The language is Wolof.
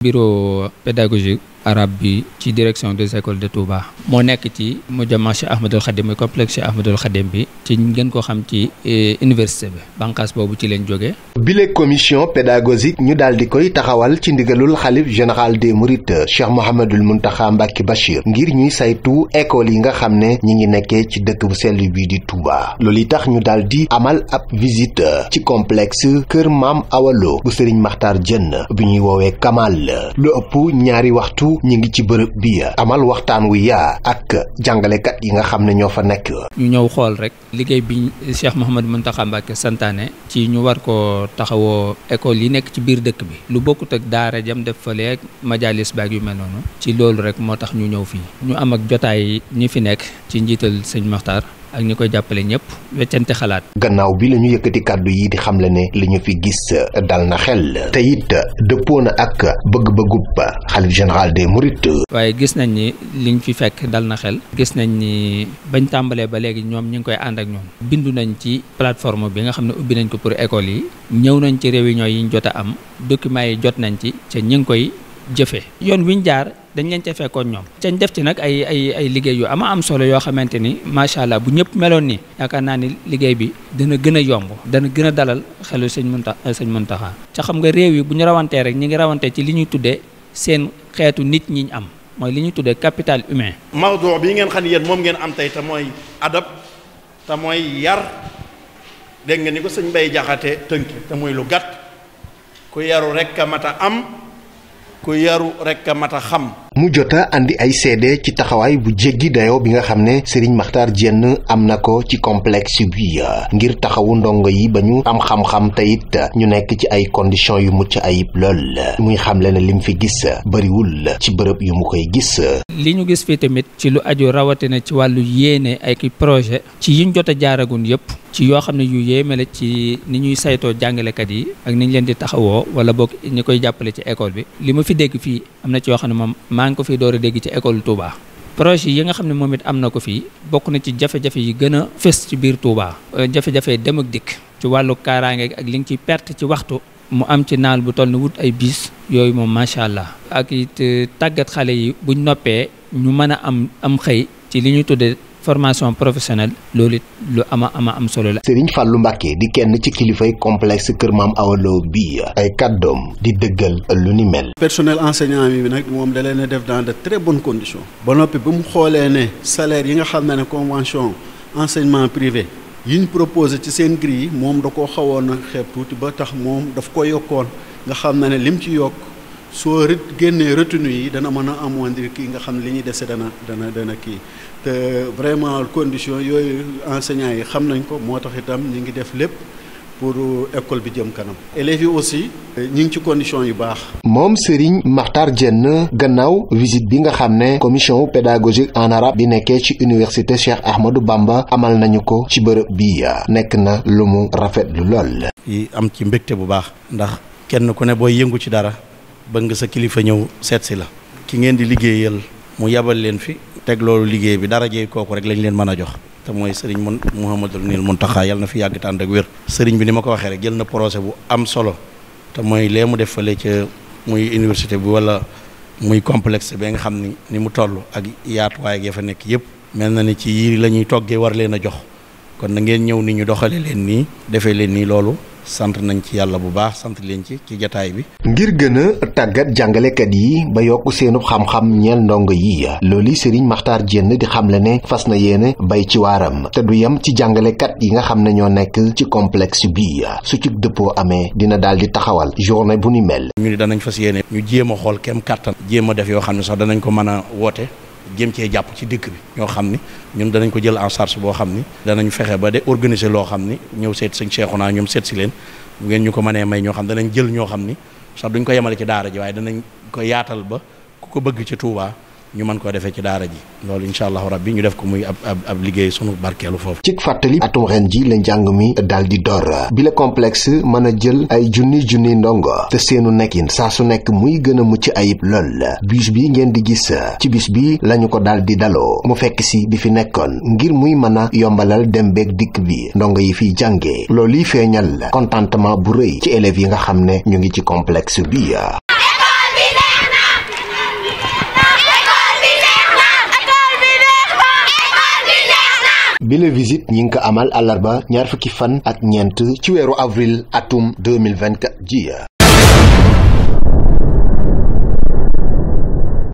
bureau pédagogique arabe ci direction des écoles de Touba. mo nek ci mu jama Cheikh Khadim complexe Ahmadou Khadim bi ci ngeen ko xam ci eh, université bi bànqaas bobu ci leen bi bile commission pédagogique ñu daldi koy taxawal ci ndigalul xalif général des mourides Cheikh Mouhamadul muntaha Mbacké Bachir ngir ñuy saytu école yi nga xamné ne ñi ngi ci dëkk bu sell di Touba. loolu tax ñu daldi amal ab visite ci complexe keur Mam Awalo bu Serigne Makhtar jenn bi ñuy wowe Kamal lu ëpp ñaari waxtu. néew ñi ngi ci bërëb bi amal waxtaan wu yaa ak jàngalekat yi nga xam ne ñoo fa nekk. ñu ñëw xool rek liggéey bi Cheikh Mouhamadou Mountakha Mbacké santaane ci ñu war ko taxawoo école yi nekk ci biir dëkk bi lu bokkut ak daara jam def fa leeg majalis baag yu mel noonu ci loolu rek moo tax ñu ñëw fii ñu am ak jotaay ñi fi nekk ci njiital sëñ Maxtaar ak ñi koy jàppale ñëpp weccante xalaat. gannaaw bi la ñu yëkkati kàddu yi di xamle ne li ñu fi gis dal na xel te it dëppoo na ak bëgg-bëggub xalif général des mourides. waaye gis nañ ni liñ fi fekk dal na xel. gis nañ ni bañ tàmbalee ba léegi ñoom ñu ngi koy ànd ak ñoom. bindu nañ ci plateforme bi nga xam ne ubbi nañ ko pour école yi. ñëw nañ ci réew yi ñu jot a am documents yi jot nañ ci ca ñu ngi koy. jëfee yoon wi ñu jaar dañ leen ca fekkoon ñoom cañ def ci nag ay ay ay liggéey yu ama am solo yoo xamante ni macha allah bu ñëpp meloon nii yaakaar naa ni liggéey bi dana gën yomb dana gën a dalal xelu sëñ Munta sëñ Muntaxa ca xam nga réew yi bu ñu rawantee rek ñi ngi rawantee ci li ñuy tuddee seen xeetu nit ñi ñu am mooy li ñuy tuddee capital humain mawduu bi ngeen xam ne yéen moom ngeen am tey te mooy adab te mooy yar dégg nga ni ko sëñ bay Jaxate tënk te lu gàtt ku yaru rek a mat a xam. mu jota indi ay seede ci taxawaay bu jéggi dayo bi nga xam ne Serigne Makhtar Diène am na ko ci complexe bi ngir taxawu ndongo yi ba ñu am xam-xam te it ñu nekk ci ay conditions yu mucc ayib lool muy xamle ne lim fi gis bëriwul ci bërëb yu mu koy gis. li ñu gis fii tamit ci lu aju rawatina ci wàllu yéene ay ki projet ci yiñ jot a jaaragun yëpp. ci yoo xam ne yu yéeme la ci ni ñuy saytoo jàngalekat yi ak ni ñu leen di taxawoo wala boog ñi koy jàppale ci école bi li ma fi dégg fii am na ci yoo xam ne moom maa ngi ko fi door a dégg école Touba. projet yi nga xam ne moom it am na ko fii bokk na ci jafe-jafe yi gën a fës ci biir Touba. Euh, jafe-jafe dem ak dikk ci wàllu kaaraange ak li nga ciy perte ci waxtu. mu am ci naal bu toll ni wut ay biis yooyu moom macha allah ak it euh, tàggat xale yi buñ noppee ñu mën a am am xëy ci li ñuy tuddee formation professionnelle lolit lu ama ama am solo la. Serigne Fallou mbake di kenn ci kilifay complexe keur mam Awa bi ay kaddom di deugal lu ni mel. personnel enseignant bi nak mom da leen def dans de très bonnes conditions. ba nopi ba mu xoolee ne salaire yi nga xam ne convention enseignement privé yi ñu proposé ci sen gris mom moom da koo xawoon a xeeb ba tax mom daf ko yokone nga xam ne lim ci yok soo ret génnee retenue yi dana mën a amoindre kii nga xam ne li ñuy dese dana dana dana kii te vraiment condition yooyu enseignants yi xam nañ ko moo tax itam ñu ngi def lépp pour école bi jëm kanam élèves yi aussi ñi ngi ci condition yu baax moom Serigne Makhtar Diène gannaaw visite bi nga xam ne commission pédagogique en arabe bi nekkee ci université Cheikh Ahmadou Bamba amal nañu ko ci bërëb bi nekk na lu mu rafet rafetlu lool yi am ci mbégte bu baax ndax kenn ku ne booy yëngu ci dara bëgg nga sa kilifa ñëw seet si la ki ngeen di liggéeyal mu yabal leen fi teg loolu liggéey bi dara jey kooku rek lañu leen mën a jox te mooy sëriñ mun Mouhamadul mun taxaa yal na fi yàgg te ànd ak wér sëriñ bi ni ma ko waxee rek jël na projet bu am solo te mooy lee mu def fale ca muy université bi wala muy complexe bi nga xam ni ni mu toll ak yaatuwaay ga fa nekk yëpp mel na ni ci yii la ñuy toggee war leen a jox kon na ngeen ñëw ni ñu doxale leen nii defee leen nii loolu sant nañ ci yàlla bu baax sant leen ci ci jataay bi. ngir gën a tàggat jàngalekat yi ba yokk seenub xam-xam ñeel ndongo yi loolu Serigne Makhtar Diène di xamle ne fas na yéene bay ci waaram te du yem ci jàngalekat yi nga xam ne ñoo nekk ci complexe bi su ci dëppoo amee dina daal di taxawal journée bu ni mel. ñu ni danañ fas yéene. ñu jéem a xool kem kàttan jéem a def yoo xam ne sax danañ ko mën a woote. jéem cee jàpp ci dikk bi ñoo xam ni ñoom danañ ko jël en sarce boo xam ni danañ fexe ba de organiser loo xam ni ñëw seet sëñ naa ñoom seet si leen bu ngeen ñu ko mënee may ñoo xam danañ jël ñoo xam ni sax duñ ko yemale ci daara ji waaye danañ ko yaatal ba ku ko bëgg ci tuubaa ñu mën koo defee ci daara ji loolu incha allahu rabbi ñu def ko muy ab ab ab liggéey sunu barkeelu foofu. ci fàttali atum ren ji la njàng mi daal di door bi la complexe mën a jël ay junni junni ndongo te seenu nekkin saa su nekk muy gën a mucc ayib lool bus bi ngeen di gis ci bis bi lañu ko daal di daloo mu fekk si bi fi nekkoon ngir muy mën a yombalal dem beeg dikk bi ndongo yi fi jàngee loolu yi feeñal contentement bu rëy ci élèves yi nga xam ne ñu ngi ci complexe bi. bi la visite ñi ngi ko amal àllarba ñaar fukki fan ak ñeent ci weeru avril atum 2024 ji